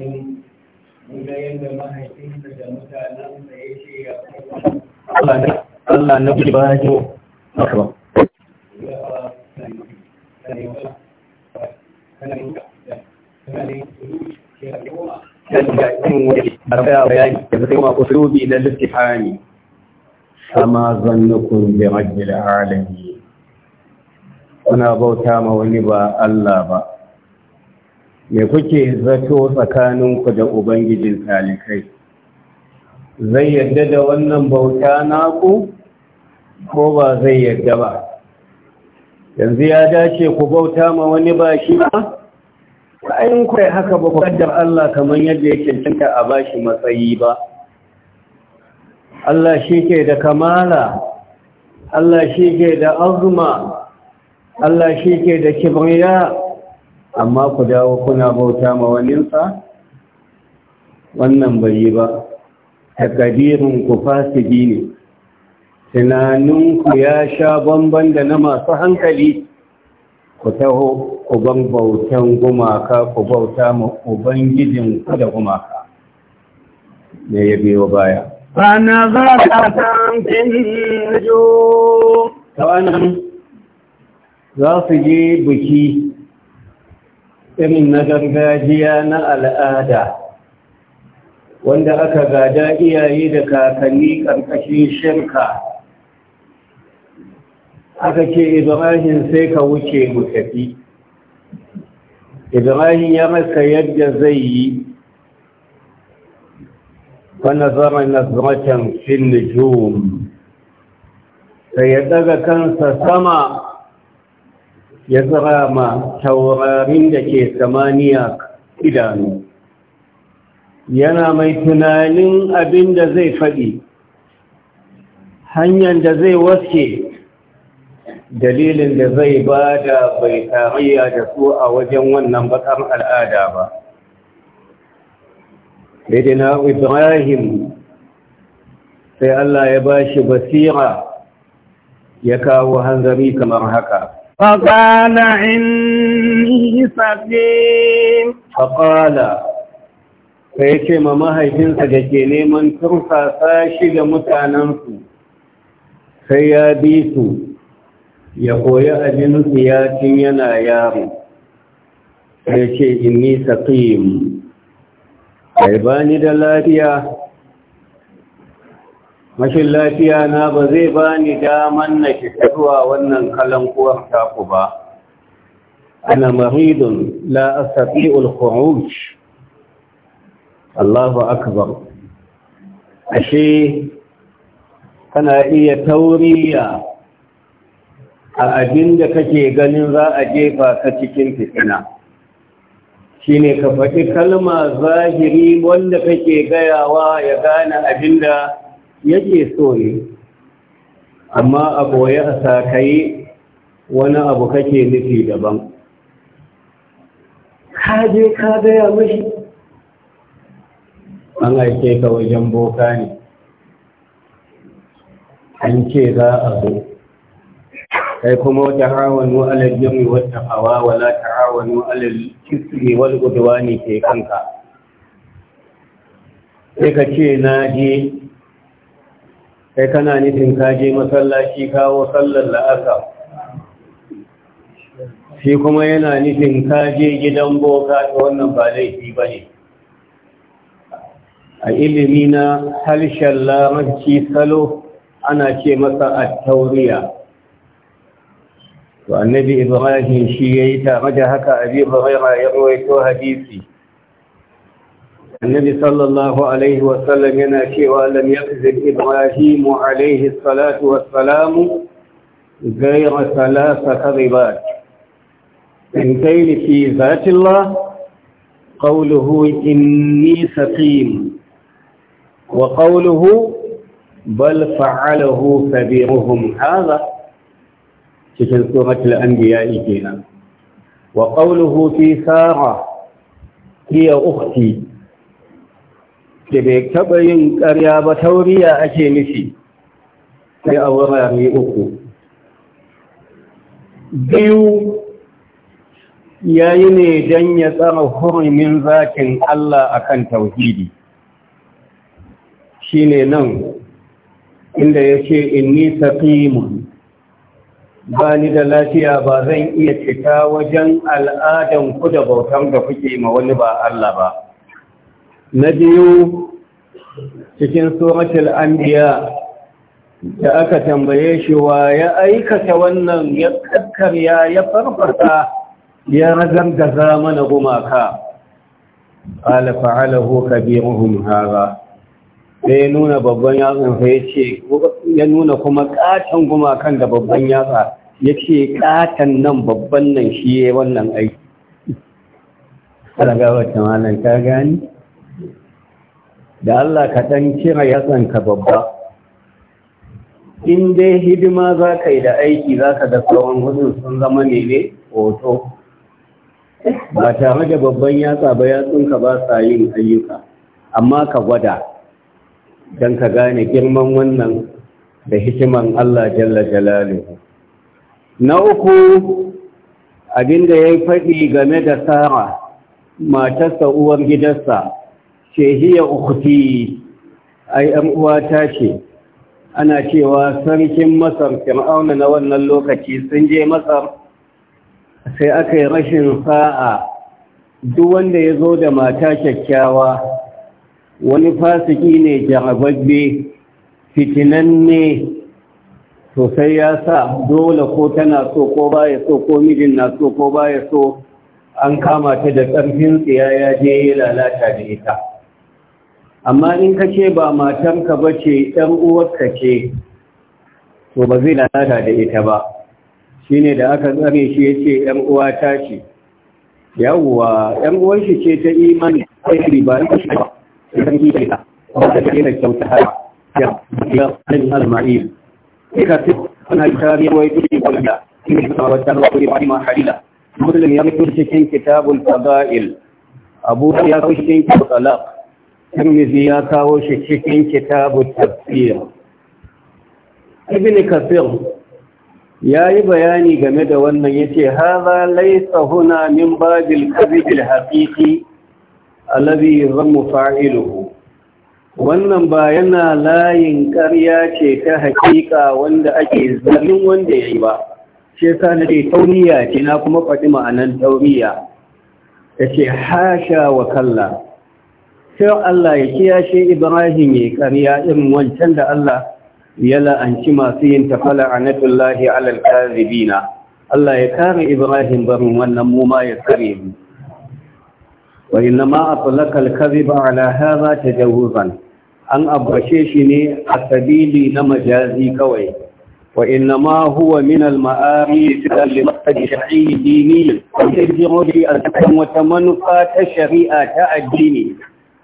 alƙawarin muga yadda mahaifinsa da mutanensa ya ce ya Allah na ba فما ظنكم برب العالمين بوتا الله me kuke zato tsakaninku da ubangijin talikai zai yadda da wannan bauta naku ko ba zai yadda ba yanzu ya dace ku bauta ma wani ba shi ba ayin kwaye haka ba ku kaddar Allah kamar yadda ya cancanta a bashi matsayi ba Allah shi ke da kamala Allah shi ke da azuma Allah shi ke da kibriya amma ku dawo kuna bauta ma waninsa wannan bai yi ba takadirin ku fasidi ne tunaninku ya sha bamban da na masu hankali ku taho ku ban bautan gumaka ku bauta ma ubangijin ku da gumaka me ya biyo baya فنظرتم ta النجوم za su je biki irin na gargajiya na al'ada wanda aka gada iyaye da kakanni ƙarƙashin shirka aka ce ibrahim sai ka wuce mu tafi ibrahim ya masa yadda zai yi فنظر نظرة في ya daga kansa sama. ya tsara ma taurarin da ke samaniya idanu yana mai tunanin abin da zai faɗi hanyar da zai waske dalilin da zai ba da bai tariya da su a wajen wannan bakar al'ada ba daidina ibrahim sai allah ya ba shi basira ya kawo hanzari kamar haka فقال إني سقيم فقال فيكي ما mahaifinsa da ke neman tursasa shi da mutanensu sai ya bi su ya koyi abin siyatin yana yaro ya ce inni saqim kai bani da lafiya mashin lafiya na ba zai ba ni daman na shekaruwa wannan kalan kuwa taku ba ana maridun la astati'ul Allahu akbar ashe kana iya tauriya a abin da kake ganin za a jefa ka cikin fitina shine ka faɗi kalma zahiri wanda kake gayawa ya gane abin da yake so ne, amma a boye a sakai wani abu kake nufi daban ka je ka gaya mashi an aike ka wajen boka ne an ce za a zo kai kuma wata hawanu alal yami wata hawa wala ta hawanu alal kisri wal udwani ke kanka sai ka ce na je kai kana nufin kaje masallaci kawo sallar la'asa shi kuma yana nufin kaje gidan boka ta wannan ba laifi ba ne a ilimi na harshen larabci salo ana ce masa a tauriya to annabi ibrahim shi ya yi tare da haka abin huraira ya rawaito hadisi النبي صلى الله عليه وسلم يناشي ولم يقذل إبراهيم عليه الصلاة والسلام غير ثلاث كذبات بين في ذات الله قوله إني سقيم وقوله بل فعله كبيرهم هذا في سورة الأنبياء فينا وقوله في سارة هي أختي da bai taɓa yin ƙarya ba tauriya ake nufi sai a wurare uku biyu ya yi ne don ya tsara hurumin zakin Allah a kan tauhidi shi ne nan inda ya ce inni saqimun ba ni da lafiya ba zan iya cika wajen al'adan ku da bautan da kuke ma wani ba Allah ba na biyu cikin suratul anbiya da aka tambaye shi wa ya aikata wannan ya kakkarya ya farfasa ya da zamana gumaka ala fa'alahu kabiruhum hara sai nuna babban yatsun sai ya nuna kuma katon gumakan da babban yatsa yace katan nan babban nan shi wannan aiki. Ƙaragawa ta malam ta gani? da Allah ka ɗan kira yatsanka babba in dai hidima za ka yi da aiki za ka da tsawon hudun sun zama ne hoto ba tare da babban yatsa ba yatsunka ba sa yin ayyuka amma ka gwada don ka gane girman wannan da hikiman Allah jalla jalaluhu na uku abinda ya yi faɗi game da tsara matarsa uwar gidansa ce hiya ukhti ai am uwata ce ana cewa sarkin Masar Fir'auna na wannan lokaci sun je Masar sai aka yi rashin sa'a duk wanda ya zo da mata kyakkyawa wani fasiki ne jarababbe fitinanne to sai ya sa dole ko tana so ko baya so ko mijin na so ko baya so an kama ta da ƙarfin tsiya ya je ya lalata da ita amma in ka ce ba matanka ba ce ɗan uwarka ce to ba zai lalata da ita ba shi ne da aka tsare shi ya ce ‘yan uwa ta ce yawuwa ‘yan uwar shi ce ta imani yi ba ita shi ba idan ki ta ba ta ke ta kyauta haya ya ya ɗan almari ika fi ana tari wai turi kwalida ina ta wata ruwa kuri bari ma harila ya mutu cikin kitabul fada'il abu ya kawo cikin kitabul tirmizi ya kawo shi cikin kitabu tafsir ibn kasir ya yi bayani game da wannan ya ce haza laisa huna min babil kazibil haƙiƙi alabi zammu fa'iluhu wannan ba yana layin ƙarya ce ta haƙiƙa wanda ake zalin wanda ya yi ba ce ta nake tauriya ce na kuma faɗi ma'anar tauriya ta ce hasha wa kalla sai Allah ya kiyashe Ibrahim ya ƙarya irin wancan da Allah ya la'anci masu yin tafala a natullahi alal Allah ya kare Ibrahim barin wannan muma ya kare mu wa inna ma atlaqa al-kadhiba ala hadha tajawuzan an abbashe shi ne a sabili na majazi kawai wa inna huwa min al-ma'ari li maqsadi shar'i dini wa tajawuzi al-kalam wa manufa ta shari'a ta addini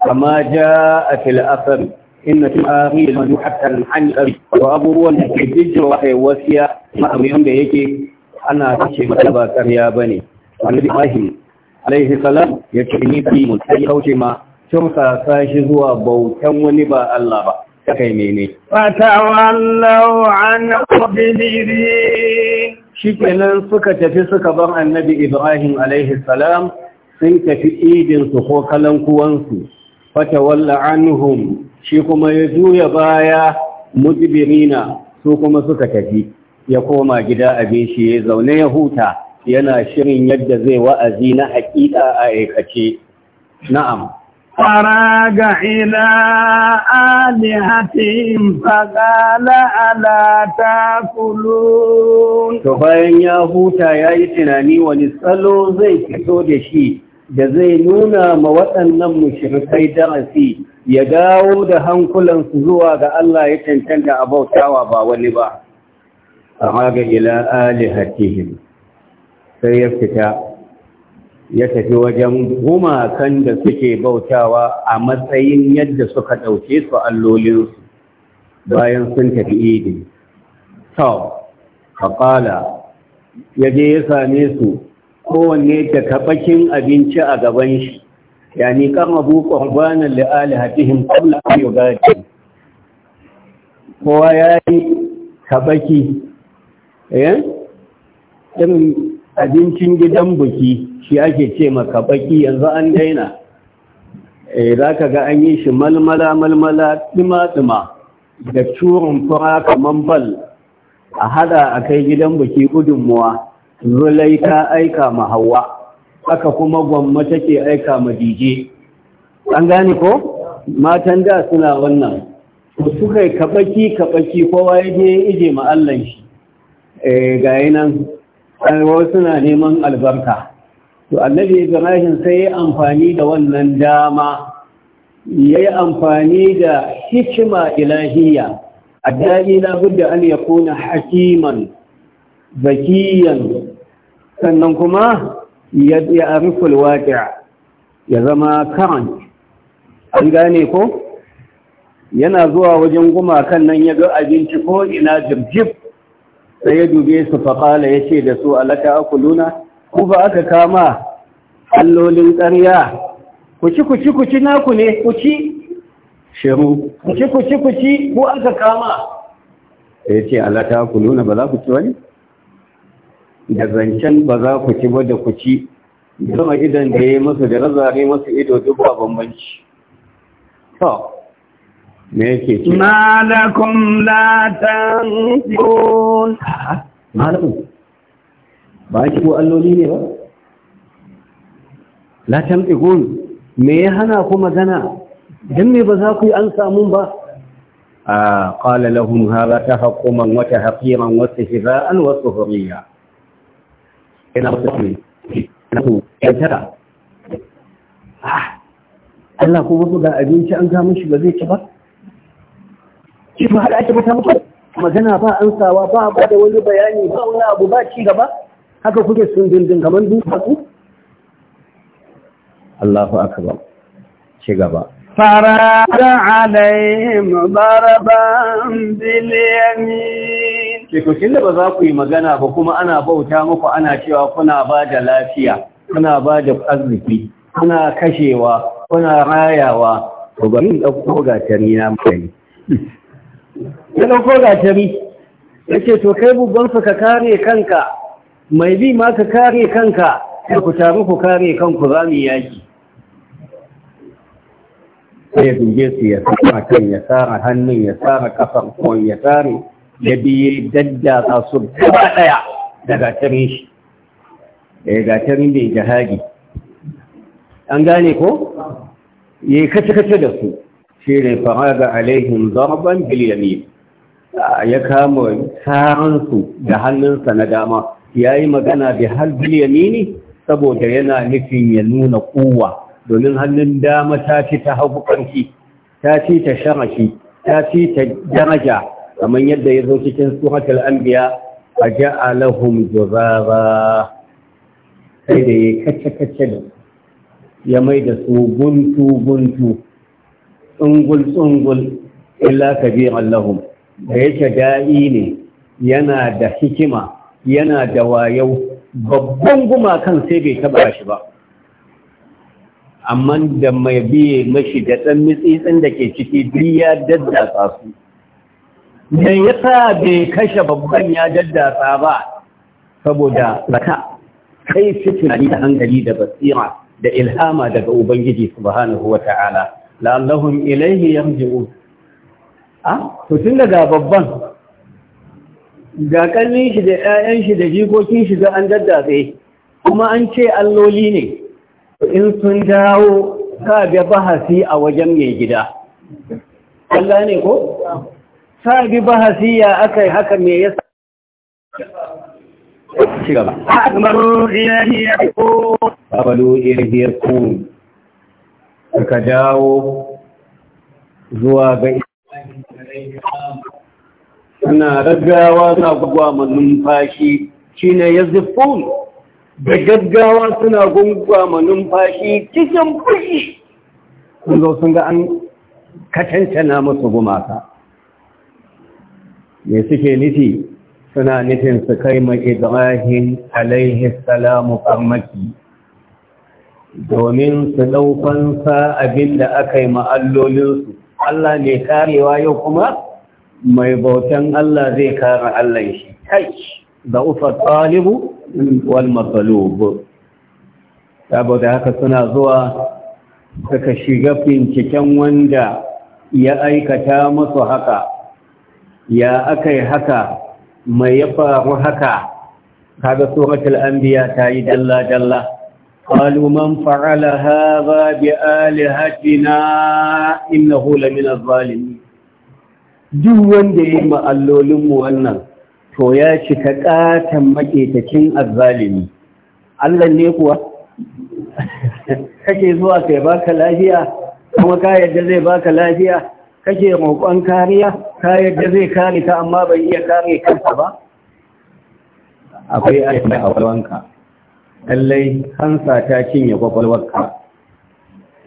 kama jaa fil asr inna tu'akhir man hatta an qari wa abubuwan da ke bijirwa kai wasiya ma'amiyan da yake ana kace mata ba ƙarya bane annabi Ibrahim alaihi salam ya ce ni fi mun sai kauce ma tun sasa shi zuwa bautan wani ba Allah ba kai mene fatawallau an qabiliri shikenan suka tafi suka ban annabi Ibrahim alaihi salam sun tafi idin su ko kalankuwansu. su fatawalla anhum shi kuma ya juya baya mujbirina su kuma suka tafi ya koma gida abin shi ya zaune ya huta yana shirin yadda zai wa'azi na haƙiƙa a aikace na'am فراغ إلى آلهتهم فقال ألا تأكلون تبين يا هوتا يا إتناني zai fito da shi. da zai nuna ma waɗannan mushrikai darasi ya dawo da hankulansu zuwa ga Allah ya cancanta a bautawa ba wani ba a ga ila alihatihim sai ya fita ya tafi wajen gumakan da suke bautawa a matsayin yadda suka ɗauke su allolinsu bayan sun tafi idi. Sau, haƙala. Yaje ya same su kowanne da kaɓakin abinci a gaban shi yani kama bu qurbanan hatihin alihatihim a yau gaji kowa ya yi kabaki ɗin eh? abincin gidan buki shi ake ce ma kaɓaki. yanzu an daina eh ka ga an yi shi malmala malmala ɗima-ɗima da curin fura kamar bal a hada a kai gidan buki gudunmuwa zulai ta aika ma hawa aka kuma gwamma take aika ma dije an gane ko matan da suna wannan suka yi kabaki kabaki kowa ya je ije ma Allah shi eh gayi nan wasu suna neman albarka to annabi Ibrahim sai ya amfani da wannan dama ya yi amfani da hikima A daɗi na budda an yakuna hakiman zakiyan sannan kuma ya ariful waƙi'a ya zama karan an gane ko yana zuwa wajen gumakan nan ya ga abinci ko ina jirjib sai ya dube su faƙala ya ce da su alaka akuluna ku ba aka kama allolin ƙarya ku ci ku ci ku ci naku ne ku ci shiru ku ci ku ci ku ci ku aka kama ya ce alaka akuluna ba za ku ci wani da zancen ba za ku ci ba da ku ci zama idan da ya masu da razare masu ido duk ba bambanci to me yake ce malakum la tanqun malakum ba ki ko alloli ne ba Latan tanqun me ya hana ku magana Don me ba za ku yi an samu ba a qala ta haƙƙoman wata wa tahqiran wa istihza'an wasu suhriyan ina ba ne ina ku yantaka ah, Allah ko babu ga abinci an ga mishi ba zai ci ba shi ba hada ake mata muku magana ba ansawa ba ba da wani bayani ba wani abu ba ci gaba haka kuke sun dindin kamar duka ku Allahu akbar ci gaba فراد عليهم ضربا باليمين ke to tunda ba za ku yi magana ba kuma ana bauta muku ana cewa kuna ba da lafiya kuna ba da arziki kuna kashewa kuna rayawa to ba min ɗauko gatari na mutane ya ɗauko gatari ya ce to kai bubbansu ka kare kanka mai bi ma ka kare kanka ya ku taru ku kare kanku za mu yaki sai ya duge su ya sama kan ya tsara hannun ya tsara kafar ko ya tsare ya dadda daddatsa su gaba ɗaya da tarin shi da eh, gatarin mai jihadi an gane ko ya yi kace-kace da su shi ne faraga alaihin zarban biliyami ya kama tsaransu da hannunsa na dama ya yi magana da har biliyami ne saboda yana nufin ya nuna kowa domin hannun dama ta ci ta hau ƙarfi ta ci ta sharashi ta ci ta daraja kamar yadda ya zo cikin suratul anbiya a ja'alahum sai da ya kace kace da ya mai da su guntu guntu tsungul tsungul illa kabir lahum da yake da'i ne yana da hikima yana da wayau babban gumakan sai bai taba shi ba amma da mai biye mashi da ɗan mitsitsin da ke ciki biya daddatsa su me yasa bai kashe babban ya jaddasa ba saboda zaka kai fi tunani da hankali da basira da ilhama daga ubangiji subhanahu wata'ala la'allahum ilaihi yarji'un a ah, to tun daga babban ga kallin shi da 'ya'yan shi da jikokin shi ga an jaddasa kuma an ce alloli ne in sun dawo ka ga bahasi a wajen mai gida Allah ne ko ta bi hasiya aka yi haka me yasa Akabaru ka dawo zuwa ga suna gaggawa suna gugwa ma numfashi ya yazifun da gaggawa suna gugwa ma numfashi cikin fushi sun zo sun ga an kacancana masu gumaka me suke nufi suna nufin su kai ma ibrahim alaihi salamu farmaki domin su ɗaukansa abin da aka yi ma'allolinsu Allah ne karewa yau kuma mai bautan Allah zai kare Allah shi kai da ufa talibu wal matsalubu saboda haka suna zuwa suka shiga binciken wanda ya aikata musu haka ya aka yi haka mai ya faru haka kaga suratul anbiya ta yi dalla dalla qalu man fa'ala hadha bi alihatina innahu lamina zalimin duk wanda ya yi ma'allolin mu wannan to ya cika katan maketacin azzalimi Allah ne kuwa kake zuwa kai baka lafiya kuma ka yadda zai baka lafiya kake roƙon kariya ta yadda zai kare ta amma bai iya kare kansa ba akwai aiki a kwakwalwanka lallai hansa ta cinye kwakwalwarka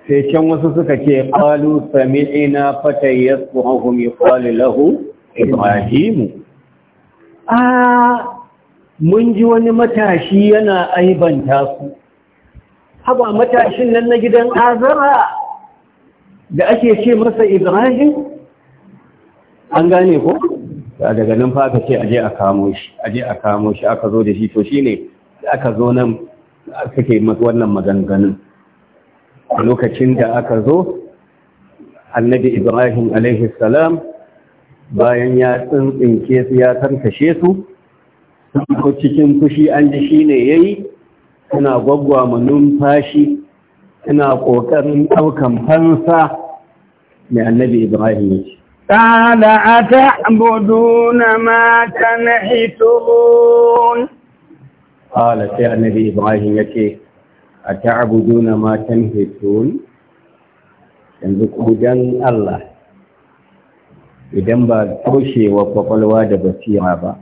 sai can wasu suka ce ƙalu sami'ina fatai ya tsohon ya ƙwali lahu ibrahimu a mun ji wani matashi yana aibanta su haba matashin nan na gidan azara da ake ce masa ibrahim an gane ko daga nan fa aka ce aje a kamo shi aje a kamo shi aka zo da shi to shine aka zo nan suke wannan maganganun a lokacin da aka zo annabi ibrahim alaihi salam bayan ya tsintsinke su ya tarkashe su ko cikin fushi an ji shine yayi suna ma numfashi ina ƙoƙarin ɗaukan fansa mai annabi Ibrahim ya ce. Ƙada a ta'abuduna ma ta hitun. Ƙala sai annabi Ibrahim ya ce, a ta'abuduna ma ta hitun, yanzu kudan Allah, idan ba toshewa kwakwalwa da basira ba,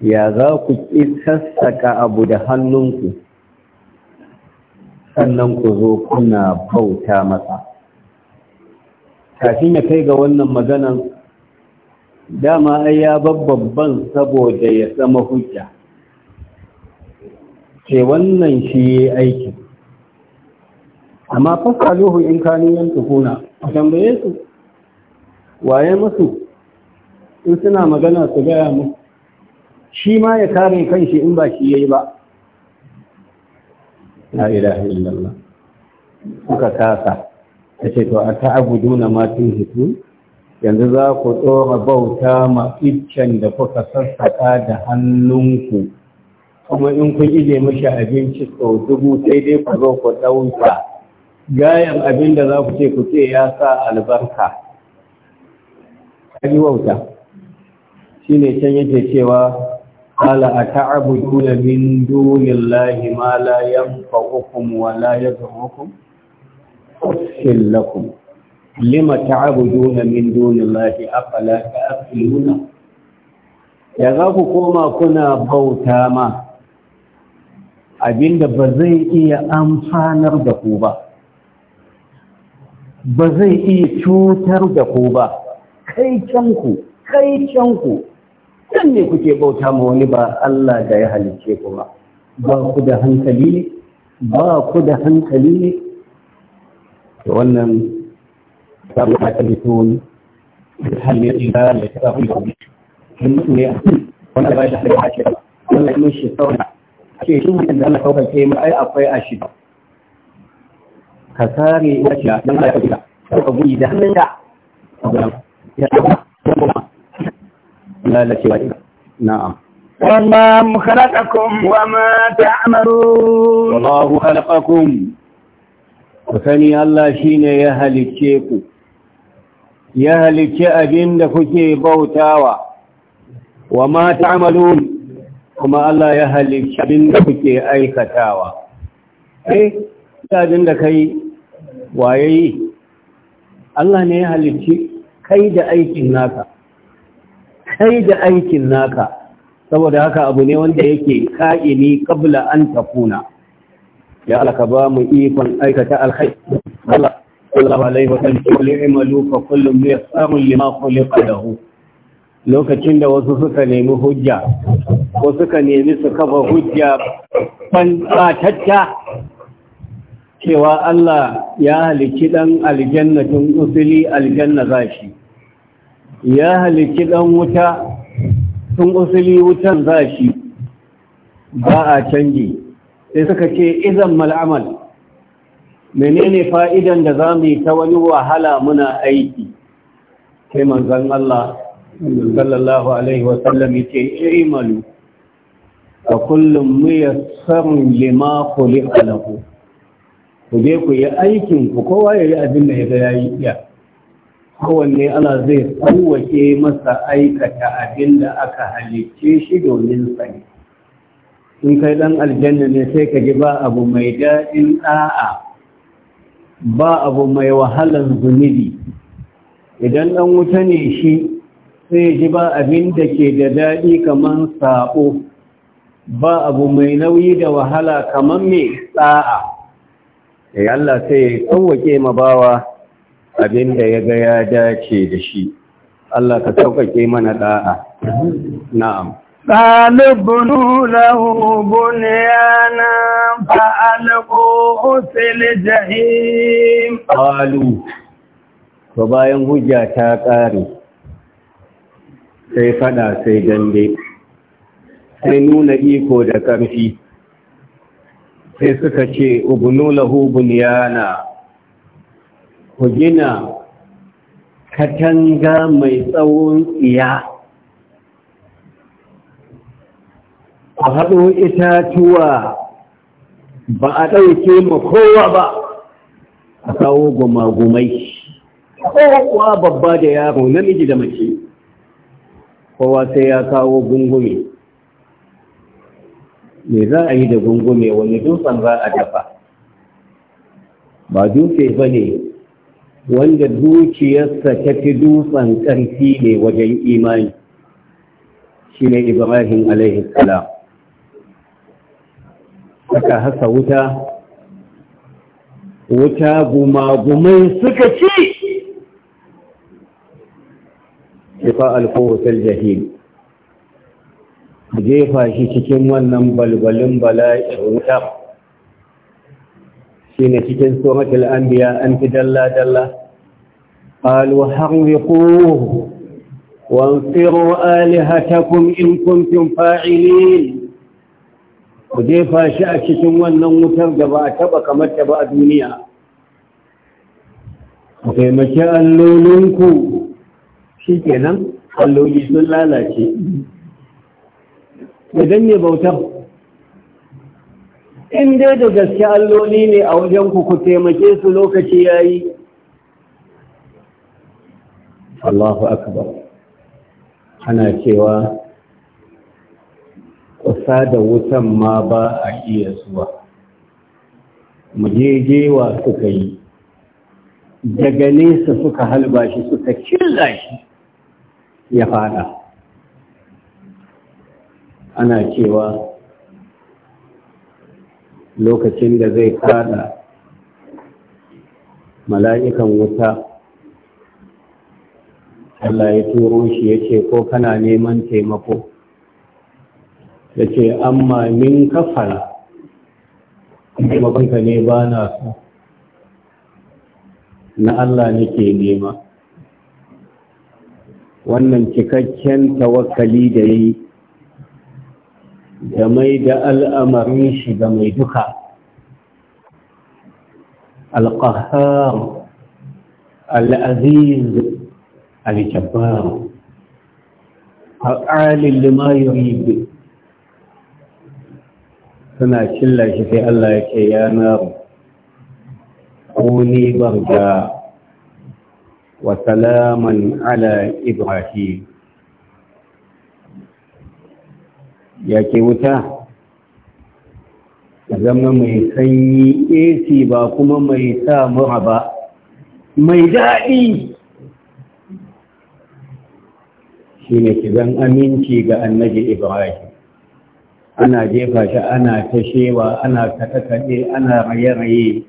ya za ku ƙi sassaƙa abu da hannunku. sannan ku zo kuna bauta masa kafin ya kai ga wannan maganan dama ai ya babban saboda ya zama hujja ce wannan shi ya aikin amma zuhu in kanu yan tukuna a tambaye su waye musu in suna magana su gaya mu shi ma ya kare kanshi in ba shi ya yi ba la ilaha illallah suka kasa ta ce to a ta'abuduna ma tunhitu yanzu za ku tsora bauta ma iccen da kuka sassaka da hannunku kuma in kun ije mashi abinci sau dubu sai dai ku zo ku ɗauka gayan abin da za ku ce ku ce ya sa albarka ƙari wauta shi ne can yake cewa قال أتعبدون من دون الله ما لا ينفعكم ولا يضركم أفل لكم لما تعبدون من دون الله أفلا تأكلون ya za ku koma kuna bauta ma abinda ba zai iya amfanar da ku ba ba zai iya cutar da ku ba kai canku dan ne kuke bauta ma wani ba Allah da ya halicce ku ba ba ku da hankali ne ba ku da hankali ne to wannan sabu da ne halin insani da ta hulɗa ne ne wanda ba shi da hakki ba wannan mun shi sauna ke shi wannan da Allah kawai kai mai akwai a shi ka sare ina shi dan Allah ya fita ka gudi da hannunka ya ta kuma lalace wa na'am wallahu khalaqakum wa ma ta'malun wallahu khalaqakum kusani Allah shine ya halicce ku ya halicce abinda kuke bautawa wa ma ta'malun kuma Allah ya halicce abinda kuke aikatawa eh sabin da kai waye Allah ne ya halicce kai da aikin naka kai da aikin naka saboda haka abu ne wanda yake ka'ini kabla an tafuna. ya alaka ba mu ikon aikata alkhair Allah sallallahu alaihi wa sallam yasamu lima khuliqa lahu lokacin da wasu suka nemi hujja ko suka nemi su kafa hujja ban tsattatta cewa Allah ya halicci dan tun usuli aljanna zashi ya halicci ɗan wuta sun usuli wutan za shi ba a canji sai suka ce izan mal'amal menene fa'idan da za mu yi ta wani wahala muna aiki sai manzan Allah sallallahu Alaihi wasallam ya ce imalu a kullum ya samun lima kuli alahu ku je ku yi aikinku kowa ya yi abin da ya ya yi iya kowanne Allah zai kowace masa aikata abin da aka halicce shi domin sani in kai ɗan aljanna ne sai ka ji ba abu mai daɗin ɗa'a ba abu mai wahalar zunubi idan ɗan wuta ne shi sai ji ba abin da ke da daɗi kamar saƙo, ba abu mai nauyi da wahala kamar mai ɗa'a. ya Allah sai ya tsawake mabawa bawa abin da ya ga ya dace da shi Allah ka sauƙaƙe mana ɗa'a. na'am ɗalibin lahu bunyana fa'alƙo fil jahim ƙalu ba bayan hujja ta ƙare sai fada sai dande sai nuna iko da ƙarfi sai suka ce lahubun lahu bunyana ku gina katanga mai tsawon tsiya ku haɗo itatuwa ba a ɗauke ma kowa ba a kawo gumagumai kowa babba da yaro namiji da mace kowa sai ya kawo gungume me za a yi da gungume wani dutsen za a dafa ba dutse ba ne wanda dukiyarsa ta fi dutsen ƙarfi ne wajen imani shi ne ibrahim alaihi salam suka hasa wuta wuta gumagumai suka ci shifa alkohotar jahil jefa shi cikin wannan balbalin bala'i wuta shi cikin tsohatar an biya an fi dalla-dalla alwahar riko ta alihatakun in kuntun fa’ili ku zai fashi a cikin wannan wutar da ba a taba kamar ta ba a duniya ku taimaki allolinku shi kenan alloli sun lalace idan ne bautar in dai da gaske alloli ne a wajen ku ku taimake su lokaci yayi Allahu akbar ana cewa kusa da wutan ma ba a iya zuwa Mu wa suka yi daga nesa suka halba shi suka killa shi ya fada ana cewa lokacin da zai kada mala'ikan wuta Allah ya turo shi ya ce ko kana neman taimako ya ce amma min kafara banka ne ba na so na Allah nake nema wannan cikakken tawakkali da yi da mai da al'amarin shi ga mai duka alƙahar al'aziz aljabar haƙalin lima yuridu suna cilla shi sai Allah ya ce yanar ƙuni barga wa salaman ala ibrahim ya ke wuta zama mai sanyi ac ba kuma mai sa mura ba mai daɗi shi ne zan aminci ga annabi ibrahim ana jefa shi ana ta shewa ana kaɗe-kaɗe ana raye-raye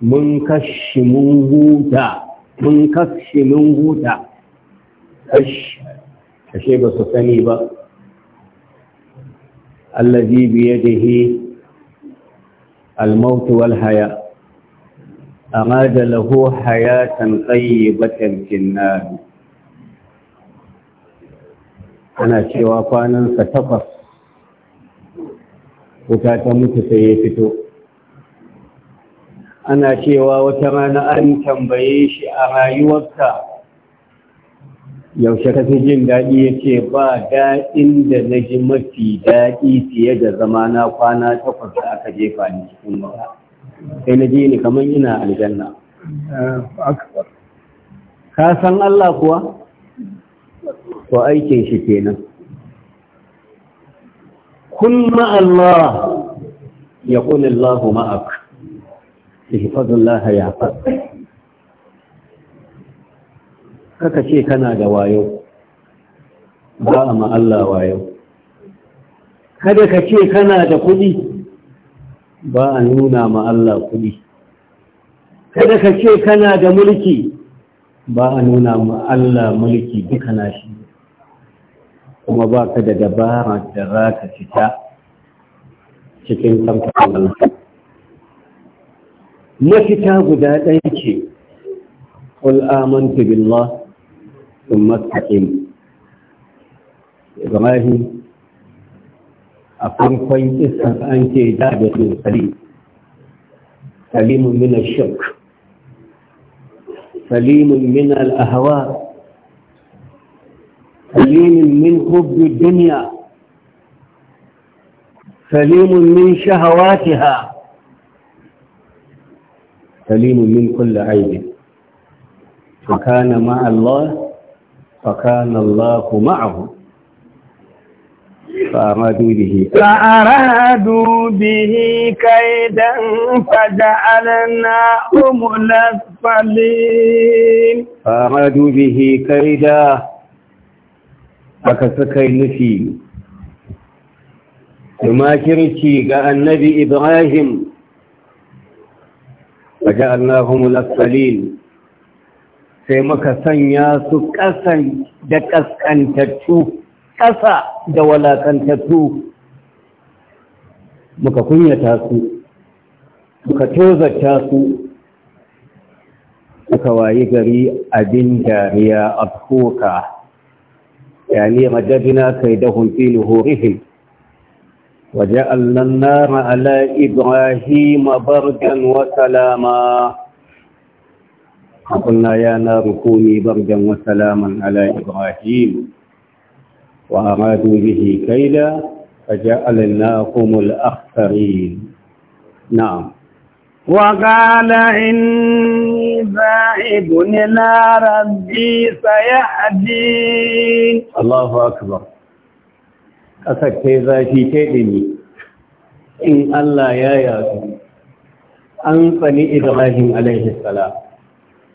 mun kashi mun huta mun kashi mun huta kashi ba su sani ba الذي بيده الموت والحياة أراد له حياة طيبة في النار أنا شوافانا ستفر وكاتمت سيفتو ana cewa wata rana an tambaye shi a rayuwarsa yaushe kake jin daɗi ya ce ba daɗin da na ji mafi daɗi fiye da zama na kwana takwas da aka jefa ni cikin mawa sai na ji ni kamar ina aljanna ka san Allah kuwa ko aikin shi kenan kun Allah ya kuni Allah ma'ak ihfazullaha ya fasa kaka ce kana da wayo ba a ma'alla wayo kada ka ce kana da kuɗi ba a nuna ma'alla kuɗi kada ka ce kana da mulki ba a nuna ma'alla mulki duka na shi kuma ba ka da dabara da za ka fita cikin kamfanin Na Mafita guda ɗaya ce, Ƙul billah ثم استقيم إبراهيم أقوم كويس أنت جابر سليم سليم من الشرك سليم من الأهواء سليم من حب الدنيا سليم من شهواتها سليم من كل عيب وكان مع الله فكان الله معه فأرادوا به فأرادوا به كيدا فجعلناهم الأسفلين فأرادوا به كيدا فكسكي نفي ثم كرتي قال النبي إبراهيم فجعلناهم الأسفلين sai muka sanya su ƙasan da ƙasƙantattu ƙasa da walaƙantattu muka kunyata su muka tozarta su muka wayi gari abin dariya a ya ne madadina kai dahun Waje allon وجعلنا النار على إبراهيم بردا وسلاما وقلنا يا نار كوني بردا وسلاما على إبراهيم وأرادوا به كيدا فجعلناهم الأخسرين نعم وقال إني ذاهب إلى ربي سيهدين الله أكبر أسكت ذاتي تدني إن الله يا ياسم أنصني إبراهيم عليه السلام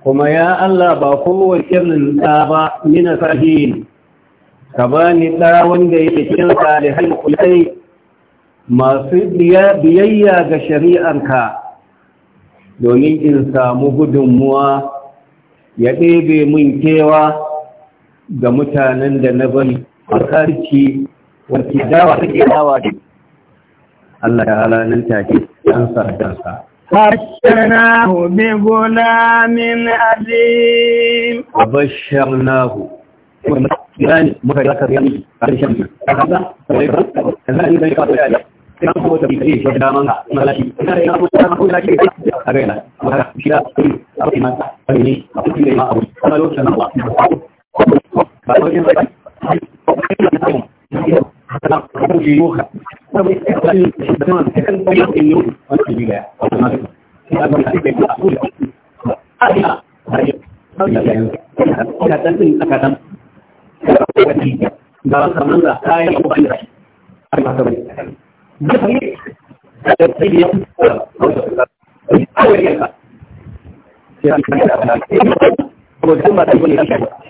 kuma ya Allah ba kowace irin da ba mina sahihin ka bani ɗa wanda yake cikin salihai kulai masu biyayya ga shari'arka domin in samu gudunmuwa ya ɗebe mun kewa ga mutanen da na bari a karki wace dawa ke dawa da Allah ya ala nan take an sardansa بشرناه بغلام عظيم وبشرناه يعني مكرر يعني عشان هذا هذا اللي بيقال يعني kan ko ta bi shi da man malaki kare na kuma ko da ke a ga na ba shi da a ma ne a kuma ma abu kana lokacin Allah ba ko in ba ko in da mu haka ko ji yo ha ko ba ka yi nan ka kan ba in yo wannan bi da wannan ya ba ka yi ku a ina ya ta tin aka dan ga kaman da kai ko ba da yi ba ta ba da kai da kai ya ko da ai ya ka ya ka da ko da ba da ko da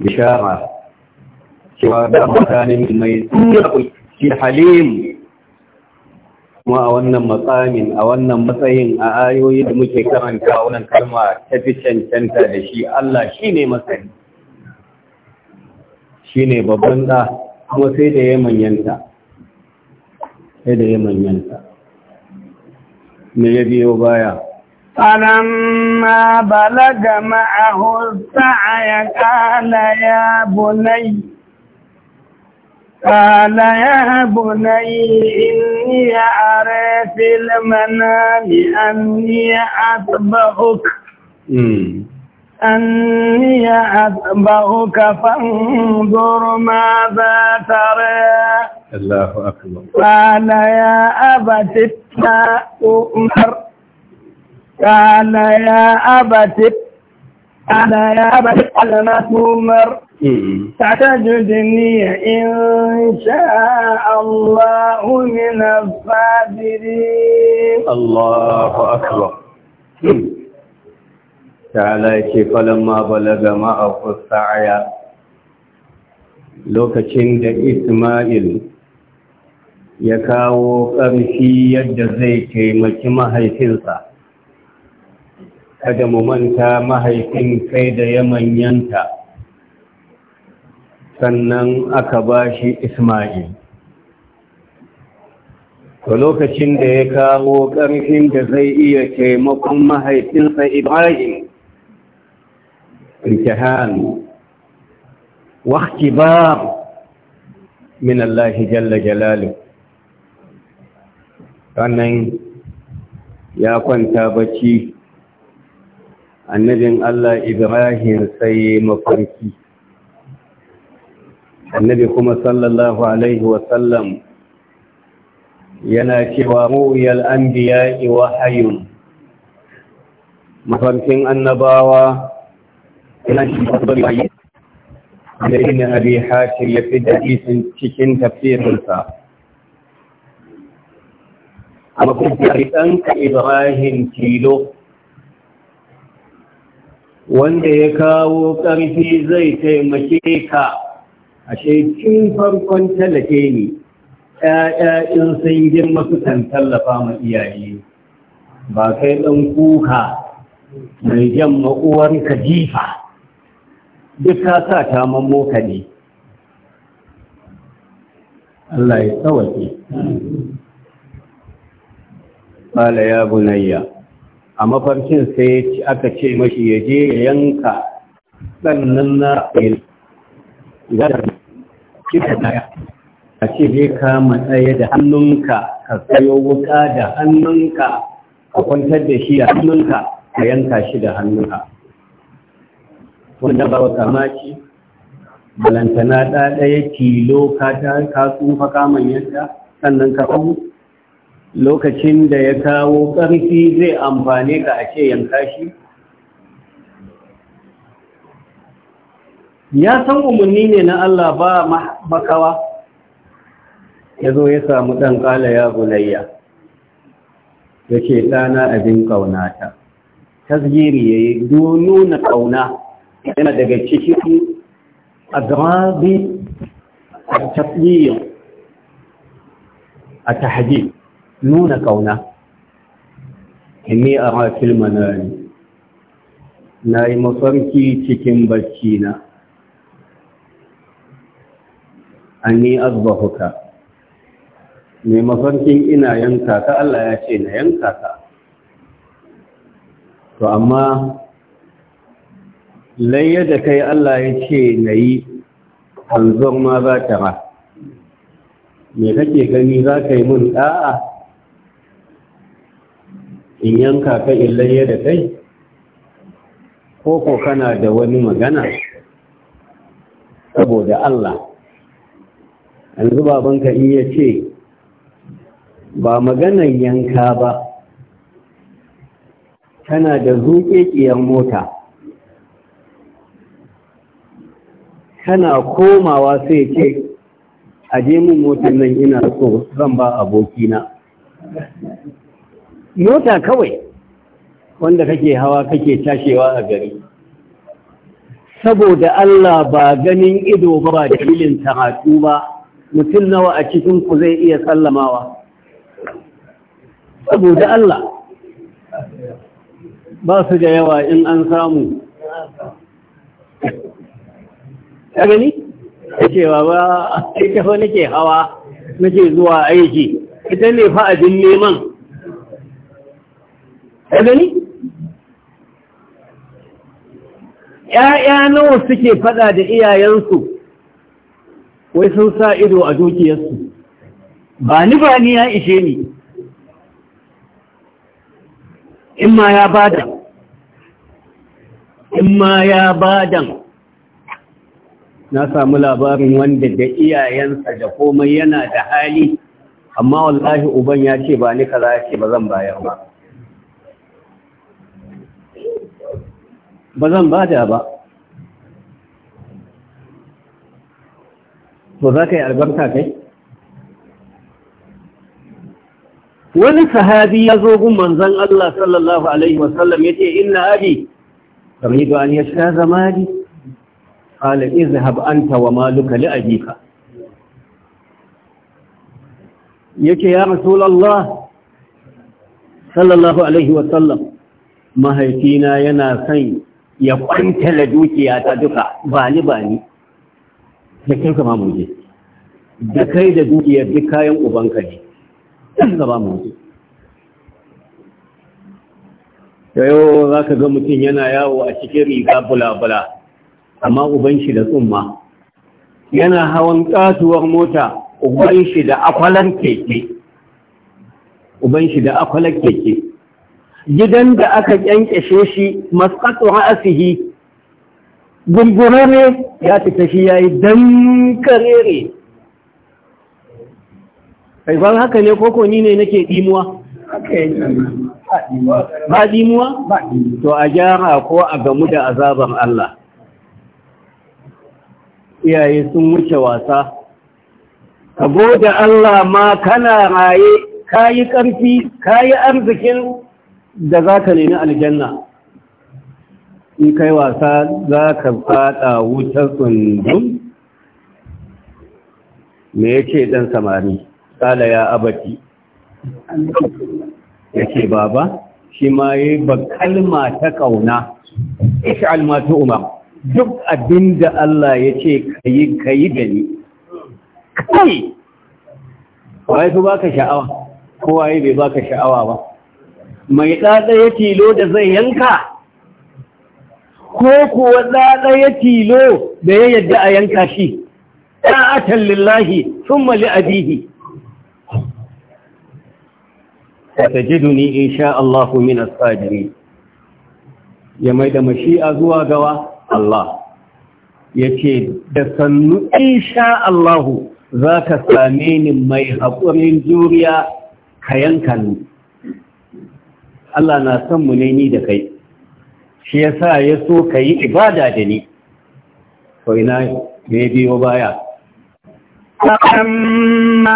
bishara cewa da mutanen mai tsirrai shi kuma a wannan matsamin a wannan matsayin a ayoyi da muke karanta wannan kalma ta fi cancanta da shi Allah shi ne masani shi ne babban ɗa kuma sai da ya manyanta sai da ya manyanta me ya biyo baya فلما بلغ معه السعي قال يا بني قال يا بني إني أرى في المنام أني أتبعك أني أتبعك فانظر ماذا ترى الله أكبر قال يا أبت أؤمر Kada ya bace al'amma, Umar ce, kwallon ma balaga ma'aunin sa'aya. Lokacin da Isma'il ya kawo ƙarfi yadda zai taimaki mahaifinsa. kada mu manta mahaifin kai da ya manyanta sannan aka ba shi Ismail. ko lokacin da ya kawo ƙarfin da zai iya taimakon mahaifinsa Ibrahim, intihan wa ba min Allah jalla jalalu. Sannan ya kwanta bacci annabin Allah Ibrahim sai mafarki annabi kuma sallallahu alaihi wasallam yana cewa ru'yal anbiya'i wahayun mafarkin annabawa yana shi bari da ibn abi hatim ya fi hadisin cikin tafsirinsa amma kuma dan Ibrahim tilo wanda ya kawo ƙarfi zai taimake ka a shekin farkon talake ne ‘ya'ya sun girma sukan tallafa ma iyaye ba kai ɗan kuka mai jan ma'uwar ka jifa duk ka sa ta mammo ka ne Allah ya tsawaki. قال يا بنيّ a mafarkin sai aka ce mashi ya je ya yanka sannan na ɗaya a ce je ka matsaye da hannunka ka sayo wuka da hannunka ka kwantar da shi da hannunka ka yanka shi da hannunka wanda ba wa kamaci balantana ɗaya tilo ka tsufa kamar yanka sannan ka ɓahu lokacin da ya kawo ƙarfi zai amfane ka a ce yanka shi ya san umarni ne na Allah ba makawa ya zo ya samu ɗan ƙala ya gulayya ya ce ɗana abin ƙaunata tasgiri ya yi nuna ƙauna yana daga cikin adrabi a tasgiri a tahajji nuna kauna inni a rafil manani na yi mafarki cikin barci na An anni azbahuka mai mafarkin ina yanka ka Allah ya ce na yanka ka to amma layya da kai Allah ya ce na yi hanzon ma za ta ra me kake gani za ka yi mun ɗa'a in yanka ka illaye da kai ko ko kana da wani magana saboda Allah yanzu babanka in ya ce ba maganan yanka ba Kana da zuƙeƙiyar mota Kana komawa sai ce aje mun motar nan ina so zan ba abokina mota kawai wanda kake hawa kake tashewa a gari saboda Allah ba ganin ido ba ba dalilin tahatu ba mutum nawa a cikin ku zai iya sallamawa saboda Allah ba su da yawa in an samu ya gani cewa ba ita nake hawa nake zuwa aiki ita ne fa abin neman gani ‘ya'ya nawa suke faɗa da iyayensu wai sun sa ido a dukiyarsu ba ni ba ni ya ishe ni in ma ya bada in ma ya badan na samu labarin wanda da iyayensa da komai yana da hali amma wallahi uban ya ce ba ni kaza ya ce ba zan bayar ba ba zan ba da ba to za ka yi albarka kai wani sahabi ya zo gun manzan Allah sallallahu Alaihi wasallam ya ce inna abi kamar yi an ya sha zamani ala izhab anta wa maluka li abika yake ya rasulullah sallallahu alaihi wasallam mahaifina yana son ya kwantala dukiya ta duka ba ni ba ni da kai ka mu je da kai da dukiyar duk kayan ubanka ne kan ka mu je da yau za ka ga mutum yana yawo a cikin riga bula-bula amma uban shi da tsumma yana hawan katuwar mota uban shi da akwalar keke uban shi da akwalar keke gidan da aka ƙyanƙyashe shi masqatu ra'sihi gungurare ya fita shi yi don karere haifar haka ne koko ni ne nake dimuwa ba dimuwa to a gyara ko a gamu da azabar Allah iyaye sun wuce wasa ka goda Allah ma kana raye kayi ƙarfi kayi arzikin da za ka nemi aljanna in kai wasa za ka fada wutar tsundun me ce dan samari kala ya abati ce baba shi ma yi ba kalma ta kauna ish'al almatu umar duk abinda Allah ya ce kayi kayi da ni kai wai fi baka sha'awa kowa bai baka sha'awa ba mai ya tilo da zai yanka ko kuwa ɗaɗaya tilo da ya yadda a yanka shi ɗa'atan lillahi sun mali abihi ta ji duni in sha Allah min asajiri ya mai da mashi'a zuwa gawa Allah ya ce da sannu in sha Allah za ka same ni mai haƙurin juriya ka yanka ni Allah na san mu ne da kai, shi ya sa ya so ka yi ibada da ni, ko ina biyo baya. Ƙarfamma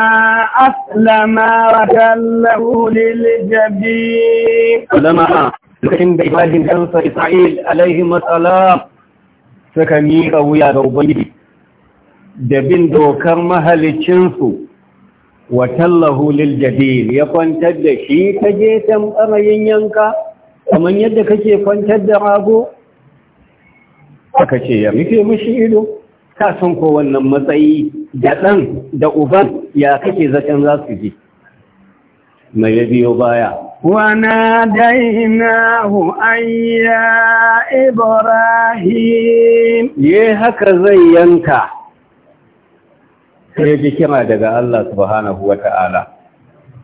aslama wa tallahu lilijabi. Ƙulama a lokacin da ibadin ɗansa Isra’il alaihi matsala suka miƙa wuya da ubangiji, da bin dokar mahalicinsu wa tallahu lil jadid ya kwantar da shi ta gefen ɓarayin yanka kamar yadda kake kwantar da rago aka ce ya rufe mishi ido ka san ko wannan matsayi da ɗan da uban ya kake zaton za su ji mai ya biyo baya Wana ayya Ibrahim? Ye haka zai yanka. sai ji kira daga Allah subhanahu wa ta’ala.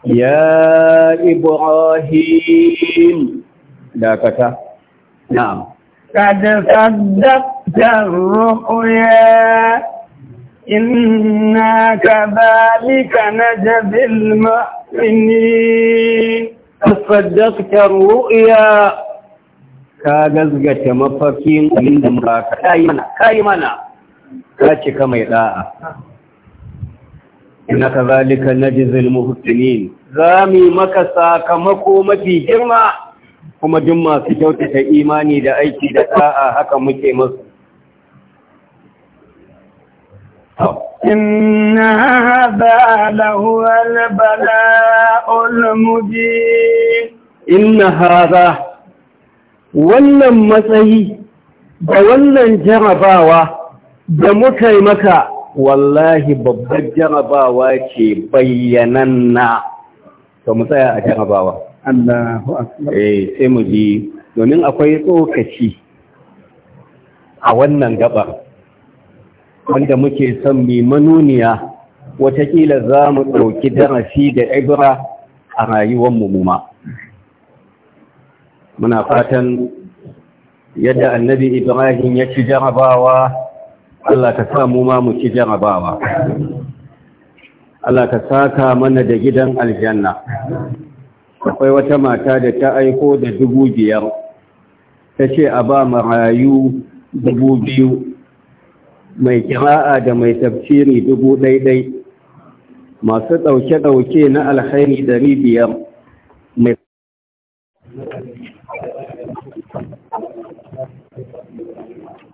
Ya Ibrahim, dakata, na’am. Kada sadaktar ru’uya, ina ka balika na jabil ma’ini, sadaktar ru’uya. Ka gazgata mafafin inda mura ka yi mana, ka cika mai ɗa’a. na inna kadhalika najzil Za mu maka sakamako mafi girma kuma jin masu kyautata imani da aiki da ta'a haka muke masu إن هذا لهو البلاء المجيب إن هذا wannan matsayi da wannan jarabawa da muka yi maka wallahi babbar jarabawa ce bayyananna to mu tsaya a jarabawa Allahu akbar eh sai mu ji domin akwai tsokaci a wannan gabar wanda muke son mai manuniya watakila za mu ɗauki darasi da ibra a rayuwar muma muna fatan yadda annabi ibrahim ya ci jarabawa Allah ka samu ma mu ci jarabawa Allah ka saka mana da gidan aljanna akwai wata mata da ta aiko da dubu biyar ta ce a ba marayu dubu biyu mai kira'a da mai tafsiri dubu ɗaiɗai masu ɗauke-ɗauke na alkhairi dari biyar